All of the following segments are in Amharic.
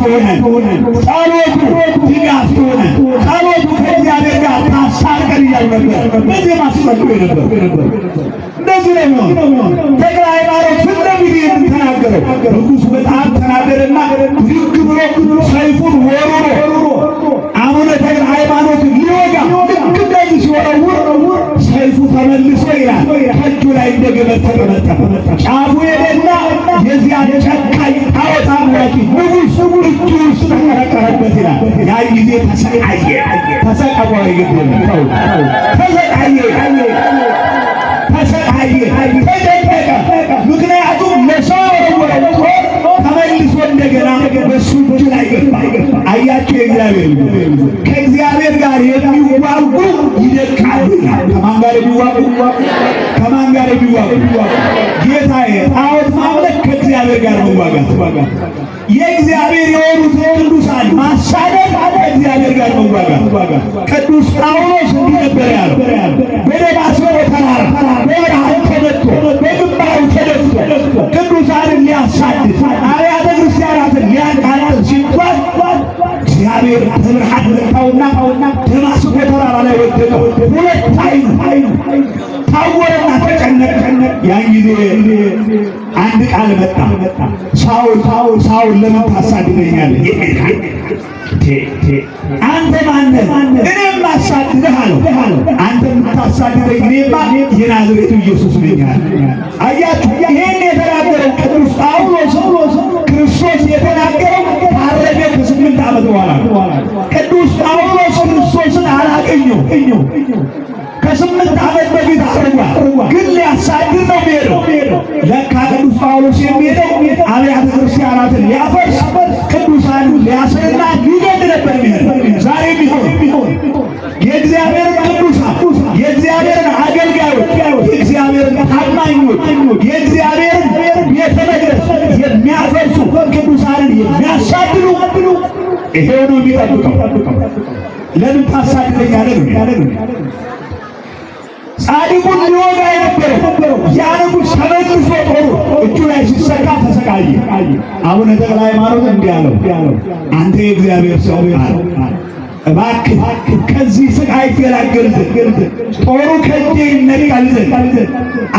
ብርታት ሆነ፣ ጸሎቱ ድጋፍ ጸሎቱ ከእግዚአብሔር ጋር ታሳቀን እያሉ ነበር። በዚህ ማስመጡ ነበር። እንደዚህ ነው ተክለ ሃይማኖት ንጉሱ በጣም ተናገረና ብሎ ሰይፉን አቡነ ተክለ ሃይማኖት ሊወጋ ልክ እንደዚህ ሲወረውር ሰይፉ ተመልሶ ይላል ከእጁ ላይ እንደገመት ተቀመጠ። ጫፉ ያን ጊዜ ተሰቃየ ተሰቃየ ተሰቃየ ተሰቃየ ምክንያቱም ለሰው ወጥቶ ተመልሶ እንደገና በሱ እጅ ላይ ገባ። አያቸው የእግዚአብሔር ከእግዚአብሔር ጋር የሚዋጉ ይደቃሉ። ከማን ጋር የሚዋጉ ከማን ጋር የሚዋጉ ጌታዬ ከእግዚአብሔር ጋር መዋጋት የእግዚአብሔር የሆኑት ቅዱሳን ማሳደድ ከእግዚአብሔር ጋር መዋጋት። ቅዱስ ጳውሎስ እንዲህ ነበር ያለው በደማስቆ ተራራ በረሃው ተመቶ በግንባሩ ተደፍቶ ቅዱሳንን ሊያሳድድ አብያተ ክርስቲያናትን ሊያቃጥል ሲባል እግዚአብሔር በብርሃን መጣውና ደማስቆ ተራራ ላይ ወደቀ። ሁለት አይኑ ታወረና ያን ጊዜ አንድ ቃል መጣ። ሳውል ሳውል ለምን ታሳድደኛለህ? አንተ ማነህ? እኔም ማሳድደህ አለው። አንተ የምታሳድደኝ እኔማ የናዝሬቱ ኢየሱስ ነኝ አያችሁ፣ ይሄን የተናገረው ቅዱስ ጳውሎስ ክርስቶስ የተናገረው ታረደ ከስምንት ዓመት በኋላ ቅዱስ ጳውሎስ ክርስቶስን አላገኘው ከስምንት ዓመት በፊት ግን ሊያሳድድ ነው የሚሄደው። ለካ ቅዱስ ጳውሎስ የሚሄደው አብያተ ክርስቲያናትን ሊያፈርስ ቅዱሳን ሊያስርና ሊገድ ነበር የሚሄደው። ዛሬ ቢሆን የእግዚአብሔርን ቅዱሳን የእግዚአብሔርን አገልጋዮች የእግዚአብሔርን ታማኞች የእግዚአብሔርን ቤተ መቅደስ የሚያፈርሱ ቅዱሳንን የሚያሳድዱ ይሄው ነው የሚጠብቀው። ለምን ታሳድደኛለህ? ሊወጋ የነበረው ያ ንጉሥ ተመልሶ ጦሩ እጁ ላይ ሲሰካ ተሰቃየ። አቡነ ተክለ ሃይማኖት እንዲህ አለው፣ አንተ የእግዚአብሔር ሰው እባክህ ከዚህ ስቃይ ገላገል ዘንድ ጦሩ ከእጄ ይነቀል ዘንድ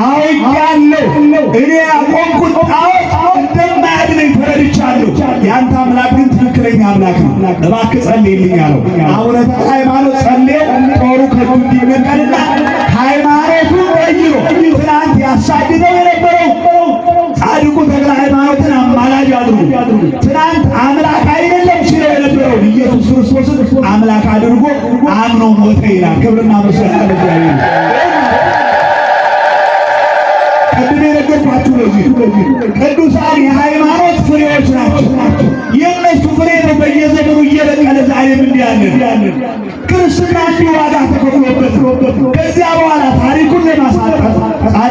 አውቃለሁ። እኔ ያቆምኩት ጣዖት እንደማያድነኝ ተረድቻለሁ። የአንተ አምላክ ግን ትክክለኛ አምላክ ነው። እባክህ ጸልይልኝ አለው። አቡነ ተክለ ሃይማኖት ጸልየው ጦሩ ከእጁ እንዲነቀልና ቀይሮ ትናንት ያሳድደው የነበረው ጻድቁ ተክለ ሃይማኖትን አማላጅ አድሩ። ትናንት አምላክ አይደለም ሲለው የነበረው ኢየሱስ ክርስቶስን አምላክ አድርጎ አምኖ ሞተ ይላል። ክብርና ምስጋና ለእግዚአብሔር። ቅድም የነገርኳችሁ ለዚህ ቅዱሳን የሃይማኖት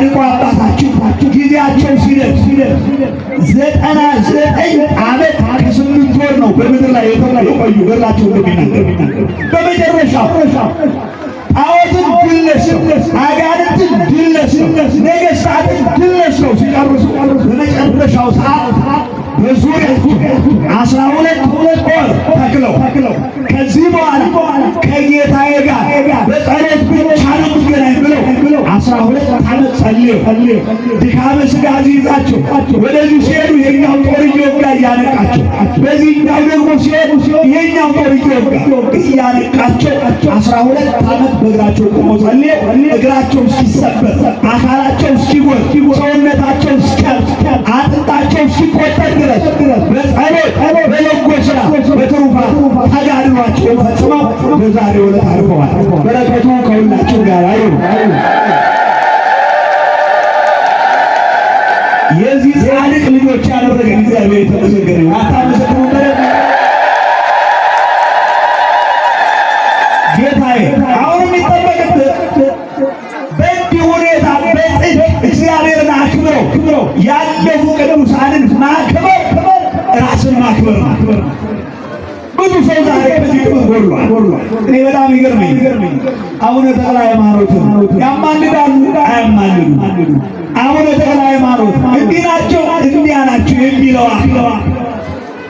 ጻድቁ አባታችሁ ጊዜያቸው ሲደርስ ዘጠና ዘጠኝ ዓመት ከስምንት ወር ነው በምድር ላይ የቆዩ ብራቸው እንደሚናገር በመጨረሻ ጣዖትን ድል ነስተው አጋንንትን ድል ነስተው ነገሥታትን ድል ነስተው ሲጨርሱ በመጨረሻው ሰዓት በዙሪያ አስራ ሁለት ወር ተክለው ከዚህ በኋላ ከጌታዬ ጋር በጸሎት ብቻ አስራ ሁለት ዓመት ጸልዩ ጸልዩ ድካመ ሥጋ ይዛችሁ ወደዚህ ሲሄዱ የኛው ጦር እየወጋ እያነቃቸው በዚህኛው ደግሞ ሲሄዱ የኛው ጦር እየወጋ እያነቃቸው አስራ ሁለት ዓመት በእግራቸው ቆመው ጸልዩ እግራቸው እስኪሰበር አካላቸው እስኪጎል ሰውነታቸው እስኪያልቅ አጥንታቸው እስኪቆጠር ድረስ በጸሎት በለጎ ሥራ በትሩፋት ተጋድሏቸው ፈጽመው በዛሬው ዕለት አርፈዋል። በረከቱ ከሁላችሁ ጋር አይሁን። የዚህ ጻድቅ ልጆች ያደረገ እግዚአብሔር የተመሰገነ ይሁን። አታመሰግኑ ጌታዬ፣ አሁን የሚጠበቅብህ በእንዲህ ሁኔታ በጽድቅ እግዚአብሔርን አክብረው ክብረው ያለፉ ቅዱሳንን ማክበር ራስን ማክበር ማክበር ብዙ ሰው ዛሬ ከዚህ ጥቅም ጎሏል። እኔ በጣም ይገርመኝ አቡነ ተክለ ሃይማኖትን ያማልዳሉ፣ አያማልዱ አቡነ ተክለ ሃይማኖት እንዲህ ናቸው እንዲያ ናቸው የሚለዋ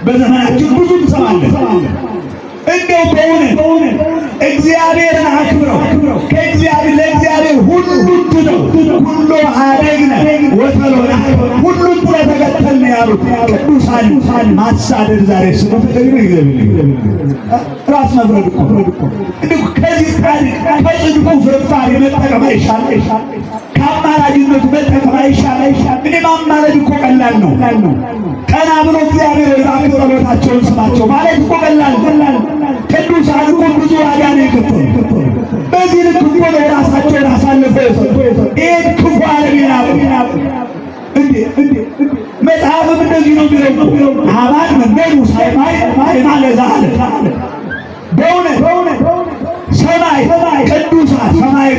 በዘመናችን ብዙ ትሰማለን። እንደው በእውነት እግዚአብሔርን አክብረው ከእግዚአብሔር ለእግዚአብሔር ሁሉ ነው ሁሉ አደግነ ወተሎና ሁሉ ጥረ ተከተል ያሉት ቅዱሳን ማሳደድ ዛሬ ስሙ ተደግሞ እግዚአብሔር ራስ መፍረድ እኮ እንደ ከዚህ ቃል ከጽድቁ ፍርፋሪ መጠቀም አይሻል ከአማራጅነቱ መጠቀም አይሻል አይሻል እኔ ማማረድ እኮ ቀላል ነው ቀና ብሎ እግዚአብሔር ራሱ ጸሎታቸውን ስማቸው ማለት እኮ ቀላል ቀላል ይህን ክፉ ዓለም የናቁ መጽሐፍም እንደዚህ ነው የሚለው አባል መንገዱ ሳይማይ በእውነት ሰማይ ቅዱሳን ሰማይ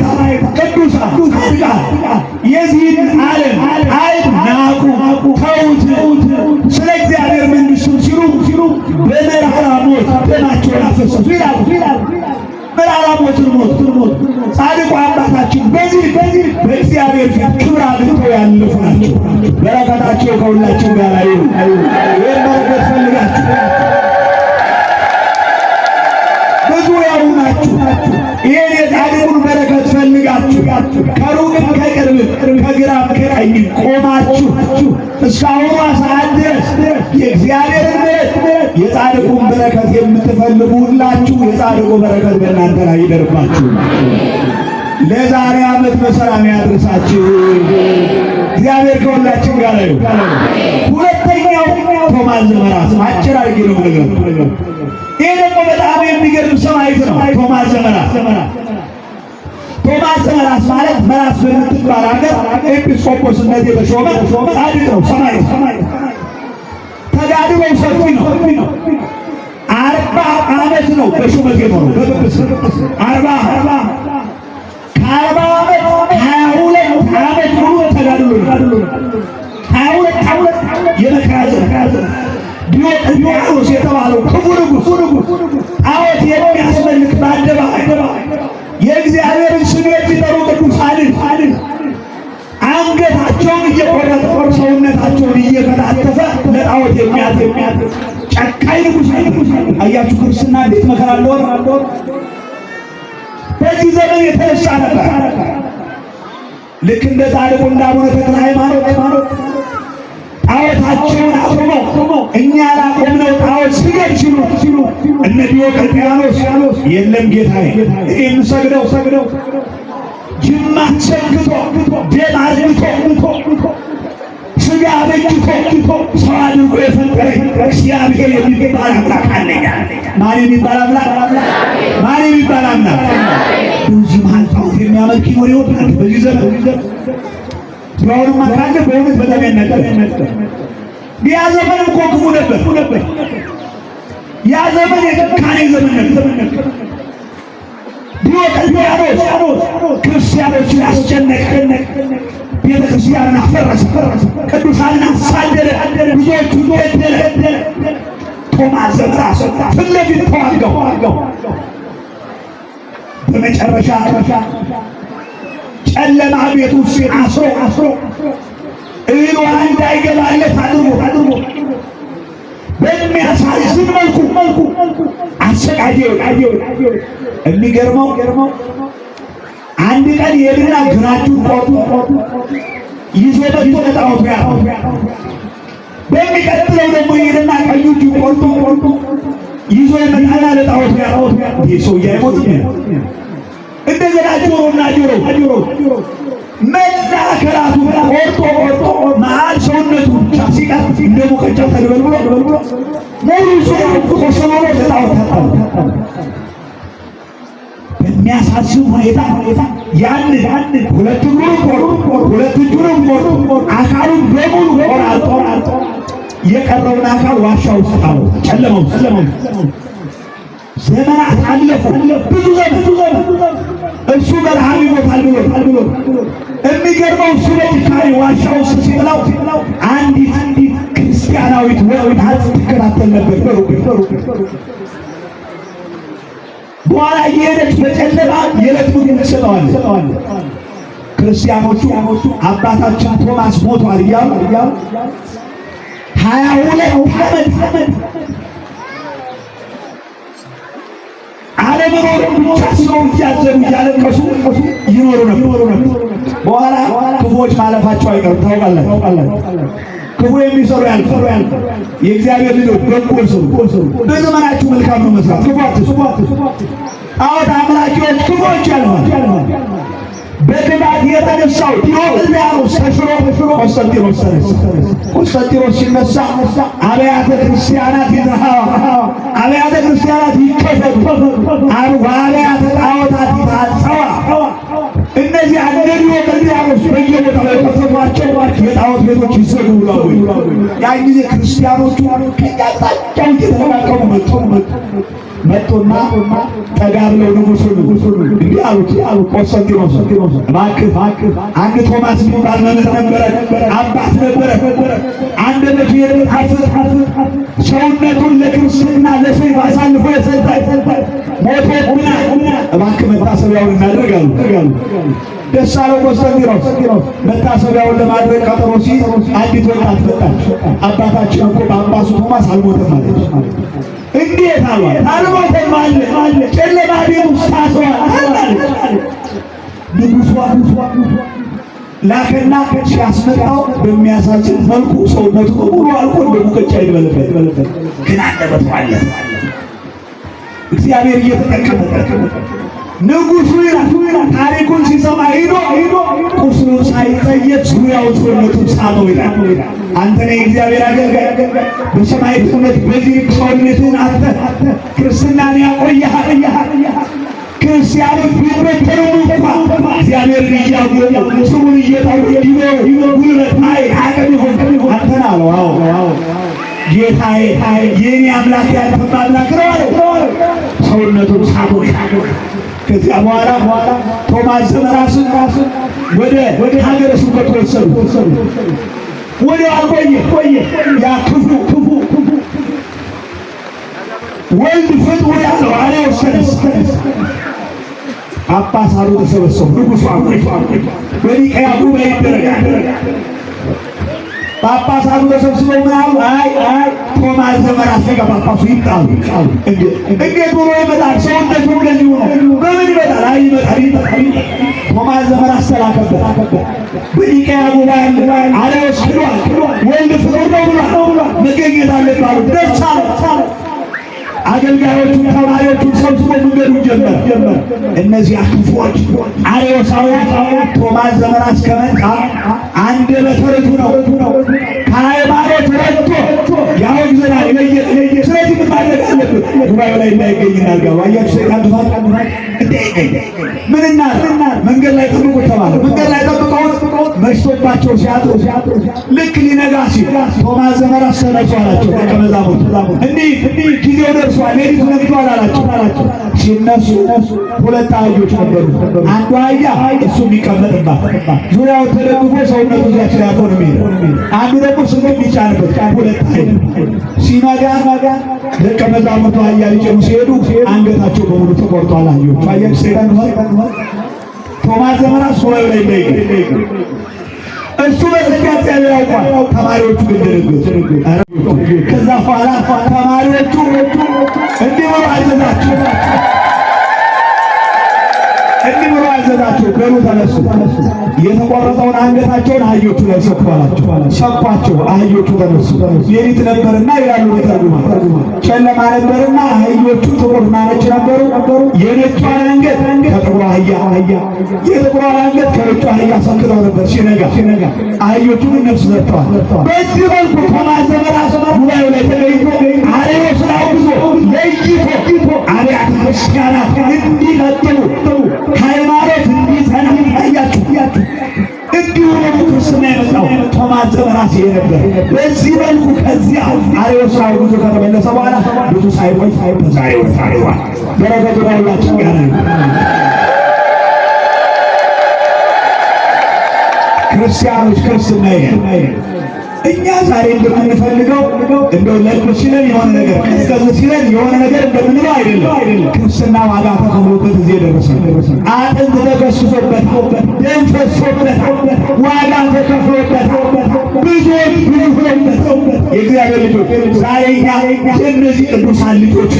እግዚአብሔር ፊት ክብር አግኝቶ ያለፉ ናቸው። በረከታቸው ከሁላችን ጋር አይ ይህን በረከት ፈልጋችሁ ብዙ ያሉ ናችሁ። ይህን የጻድቁን በረከት ፈልጋችሁ ከሩቅም ከቅርብ ከግራም ከቀኝ ቆማችሁ እስካሁኗ ሰዓት ድረስ የእግዚአብሔር ምሕረት የጻድቁን በረከት የምትፈልጉ ሁላችሁ የጻድቁ በረከት በእናንተ ላይ ይደርባችሁ። ለዛሬ ዓመት በሰላም ያድርሳችሁ። እግዚአብሔር ከሁላችን ጋር ነው። ሁለተኛው ቶማስ ዘመራስ አጭር አድርጌ ነው ነገር ይሄ ደግሞ በጣም የሚገርም ሰማዕት ነው። ቶማስ ዘመራስ ቶማስ ዘመራስ ማለት መራስ በምትባል ሀገር ኤጲስቆጶስነት የተሾመ ጻድቅ ነው። ሰማዕት ተጋድሎ ሰፊ ነው። አርባ ዓመት ነው በሹመት የኖረው በቅዱስ አርባ አርባ ዓመት ሀያ ሁለት ዓመት ሙሉ ተጋድሎ ሀያ ሁለት ዓመት የመከራ ዘመን የተባለው ክፉ ንጉሥ ጣዖት የሚያስመልክ በአደባባይ የእግዚአብሔርን ስም የሚጠሩ ቅዱሳንን አንገታቸውን እየቆረጠ ሰውነታቸውን እየበታተፈ ለጣዖት የሚያት ጨካኝ ንጉሥ አያችሁ ክርስትና እንዴት መከራ እንደሆነ በዚህ ዘመን የተነሳ ነበር። ልክ እንደ ጻድቁ እንደ አቡነ ተክለ ሃይማኖት ጣዖታቸውን አቁሞ እኛ ላቁምነው ጣዖት ስገድ ሲሉ እነ ዲዮቅልጥያኖስ የለም ጌታዬ የምሰግደው ሰግደው ጅማ ሰግቶ ደም አዝምቶ ስጋ በጅቶ ሰው አድርጎ የፈጠረ እግዚአብሔር የሚባል አምላክ አለኛ። ማን የሚባል አምላክ? ማን የሚባል አምላክ በዚህ መሀል ጣዖት የሚያመልክ ይኖር ይወድ በዚህ ዘመን። ቢሆንም አንዳንድ በእውነት በጣም ያናገር ያ ዘመን እኮ ክፉ ነበር። ያ ዘመን የጭካኔ ዘመን ነበር። ዲዮቅልጥያኖስ ክርስቲያኖችን አስጨነቀ፣ ቤተክርስቲያንን አፈረሰ፣ ቅዱሳንን አሳደደ፣ ብዙዎቹ ገደለ። ቶማስ ዘመን ፊት ለፊት ተዋጋው በመጨረሻ ጨለማ ቤት ውስጥ አስሮ አስሮ እህል እንዳይገባለት አድርጎ አድርጎ በሚያሳዝን መልኩ መልኩ አሰቃየው። የሚገርመው አንድ ቀን የድና ግራጁን ቆጡ ይዞ መጥቶ ለጣዖቱ ያ በሚቀጥለው ደግሞ የድና ቀኙ ቆርጦ ቆርጦ ይዞ የመጣና ለጣዖት ጋር ይህ ሰውዬ አይሞትም። እንደገና ጆሮና ጆሮ መላ ከራቱ ቆርጦ ቆርጦ መሀል ሰውነቱ ብቻ ሲቀር እንደ ሙቀጫ ተደበልብሎ ሙሉ ሰውቁ ሰማሎ ለጣዖት ታጣው። በሚያሳዝን ሁኔታ ያን ያን ሁለቱን ሁለቱን ጆሮን ቆርጦ አካሉን በሙሉ ቆራርጦ የቀረውን አካል ዋሻ ውስጥ አለው። ጨለማ ውስጥ ዘመናት አለፉ። ብዙ ዘመን እሱ በረሃብ ይሞታል ብሎ የሚገርመው እሱ በጭካኔ ዋሻ ውስጥ ሲጥለው አንዲት ክርስቲያናዊት ወጣት ትከታተል ነበር በኋላ እየሄደች በጨለማ የዕለት ምግብ ትሰጠዋለች። ክርስቲያኖቹ አባታችን ቶማስ ሞቷል እያሉ ሀያ ሁለት ዓመት አለመኖር ሳስበው እያዘኑ እያለቀሱ ይኖሩ ነበር። በኋላ ክፉዎች ማለፋቸው አይቀርም። ታውቃላችሁ፣ ክፉ የሚሰሩ ያልፈሩ የእግዚአብሔር ልጆች በጎ ስሩ። በዘመናችሁ መልካም ነው መስራት የተነሳው ዲዮቅልጥያኖስ ተሽሮ ቆስጠንጢኖስ ተነሳ። ቆስጠንጢኖስ ሲነሳ አብያተ ክርስቲያናት ይዘሃ አብያተ ክርስቲያናት ይከፈቱ፣ አብያተ ጣዖታት ይታጸዋ። እነዚህ እንደ ዲዮቅልጥያኖስ በየቦታው የከፈቷቸው የጣዖት ቤቶች ይዘጉ ብለዋል። ያን ጊዜ ክርስቲያኖቹ ከያጣቸው እየተለቃቀሙ መጡ። መጥቶና ተጋብለው ንጉሡን እንዲህ አሉት ቆስጠንጢኖስ እባክህ አንድ ቶማስ የሚባል መምህር ነበረ፣ አባት ነበረ። አንደበቱ የሚጣፍጥ ሰውነቱን ለክርስትና ለሰይፍ አሳልፎ የሰጠ ሞቶብናል። እባክህ መታሰቢያውን እናድርግ ደስ አለው ቆስጠንጢኖስ መታሰቢያውን ለማድረግ ቀጠሮ ሲይዝ አንዲት ወጣት መጣች። አባታችን እኮ ጳጳሱ ቶማስ አልሞተም አለች። እንዴት አሏት። አልሞተም አለ ጨለማ ቤት ውስጥ ታስሯል አለች። ንጉሷ ላከና ሲያስመጣው በሚያሳዝን መልኩ ሰውነቱ በሙሉ አልቆ እንደ ሙቀጫ ይበለበት ግን አንደበቱ አለ። እግዚአብሔር እየተጠቀመበት ንጉሱ ታሪኩን ሲሰማ ሂዶ ሂዶ ቁስሉ ሳይጸየት ዙሪያው ሰውነቱን ሳመው ይላል። አንተ ነህ እግዚአብሔር አገልጋይ በሰማዕትነት በዚህ ሰውነትን አንተ ክርስትናን ያቆያሃል ክርስቲያኖች ቢበተኑ እንኳ እግዚአብሔርን እያጎሉ ስሙን እየጠሩ ቢኖሩ ጉልበት አይ አቅም ይሆን አንተን አለው። አዎ ጌታዬ የኔ አምላክ አምላክ ነው አለው። ሰውነቱን ሳመው ይላል ከዚያ በኋላ ቶማስም ራሱን ራሱን ወደ ሀገረ ስብከት ወሰዱ። ወዲያው አልቆየ ቆየ ያ ክፉ ክፉ ክፉ ወልድ ፍጡር ያለው አሪያው ሰለስ አባሳሉ ተሰበሰቡ ንጉሱ አቁ በሊቀ ያዕቆብ ይደረጋል ጳጳሳቱ ተሰብስበው ምናሉ አይ አይ ቶማስ ዘመራስ ነገ ጳጳሱ ይጣሉ። እንዴት ብሎ ይመጣል? ሰው እንደት እንደዚህ ሆኖ በምን ይመጣል? አይ ይመጣል ይመጣል። ቶማስ ዘመራስ ተላከበት ብዲቀያ ጉባኤ አለስ ክሏል። ወንድ ፍጡር ነው ብሏል። መገኘት አለባሉ ደስ አለ አገልጋዮችና ተማሪዎቹን ሰብስቦ መንገዱ ጀመር። እነዚህ ክፉዎች አርዮሳውያን ቶማስ ዘመን እስከመጣ አንድ በተረቱ ነው ከሃይማኖት ወጥቶ ያወግዘናል። ስለዚህ ምን ማድረግ አለብን? ጉባኤው ላይ እንዳይገኝ እናድርገው። አያችሁ ሰይጣን ጥፋት አትጠይቀኝ። ምን እናድርግ? መንገድ ላይ ጠብቁት ተባለ። መንገድ ላይ ጠብቀውት መሽቶባቸው ሲያጡ ልክ ሊነጋ ሲል ቶማስ ዘመድ አስተናግቶ አላቸው ደቀ መዛሙርት እንዲህ ጊዜው ደርሷል፣ ሌሊቱ ነግቷል አላቸው። ሲነሱ ሁለት አህዮች ነበሩ። አንዱ አህያ እሱ የሚቀመጥባት ዙሪያው ተደግፎ ሰውነቱ ዚያቸው ያቆን የሚሄድ አንዱ ደግሞ ስንት የሚጫንበት ሁለት አህያ ሲነጋ ደቀ መዛሙርቱ አህያ ሊጭኑ ሲሄዱ አንገታቸው በሙሉ ተቆርጧል። አህዮቹ አያች ሰይጣን ቶማስ ዘመናት ሶላዩ ላይ እንዳይገኝ እሱ በስጋ እግዚአብሔር ተማሪዎቹ ግን ድርግት ከዛ በኋላ በሉ ተነሱ። የተቆረጠውን አንገታቸውን አህዮቹ ላይ ሰኳላቸው ሰኳቸው። አህዮቹ ተነሱ። ሌሊት ነበርና ይላሉ ተርጉማን፣ ጨለማ ነበርና አህዮቹ ጥቁር ማነች ነበሩ። የነጯን አንገት ከጥቁሯ አህያ የጥቁሯን አንገት ከነጯ አህያ ሰክተው ነበር። ሲነጋ ሲነጋ ግን ነፍስ ዘርተዋል። በዚህ መልኩ ሰባት ጉባኤው ላይ ተገኝቶ ጊዜ ነበር። በዚህ መልኩ ከዚያ አሬዎስ አይሁዱ ከተመለሰ በኋላ ብዙ ሳይቆይ በዛሬው ታሪዋል በረከቱ ሁላችን ጋር ክርስቲያኖች ክርስትና ይሄ እኛ ዛሬ እንደምንፈልገው እንደው ለልብ የሆነ ነገር ቀዝቀዝ ሲለን የሆነ ነገር እንደምንለው አይደለም። ክርስትና ዋጋ ተከፍሎበት እዚህ ደረሰ። አጥንት ተገስሶበት ደም ፈሶበት ዋጋ ተከፍሎበት ብዙዎች የእግዚአብሔር ልጆች ዛሬ እኛ የእነዚህ ቅዱሳን ልጆች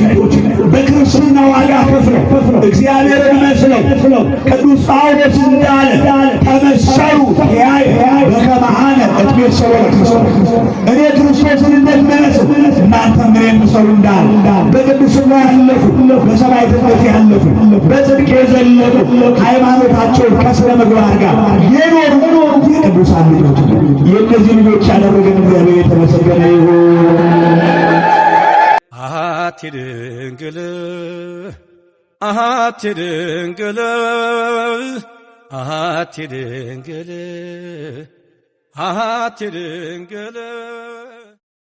በክርስትና ዋጋ ከፍለው እግዚአብሔር መስለው ቅዱስ ጳውሎስ እንዳለ ተመሰሉ ያይ በከመሃነ እድሜ ሰበለ እኔ ክርስቶስን እንደምመስል እናንተም እኔን ምሰሉ እንዳለ በቅድስና ያለፉ በሰማዕትነት ያለፉ በጽድቅ የዘለቁ ሃይማኖታቸውን ከሥነ ምግባር ጋር የኖሩ ቅዱሳን ልጆች የእነዚህ ልጆች ያደረገን እግዚአብሔር የተመሰገነ ይሁን። አሐቲ ድንግል አሐቲ ድንግል አሐቲ ድንግል Hatırın gülü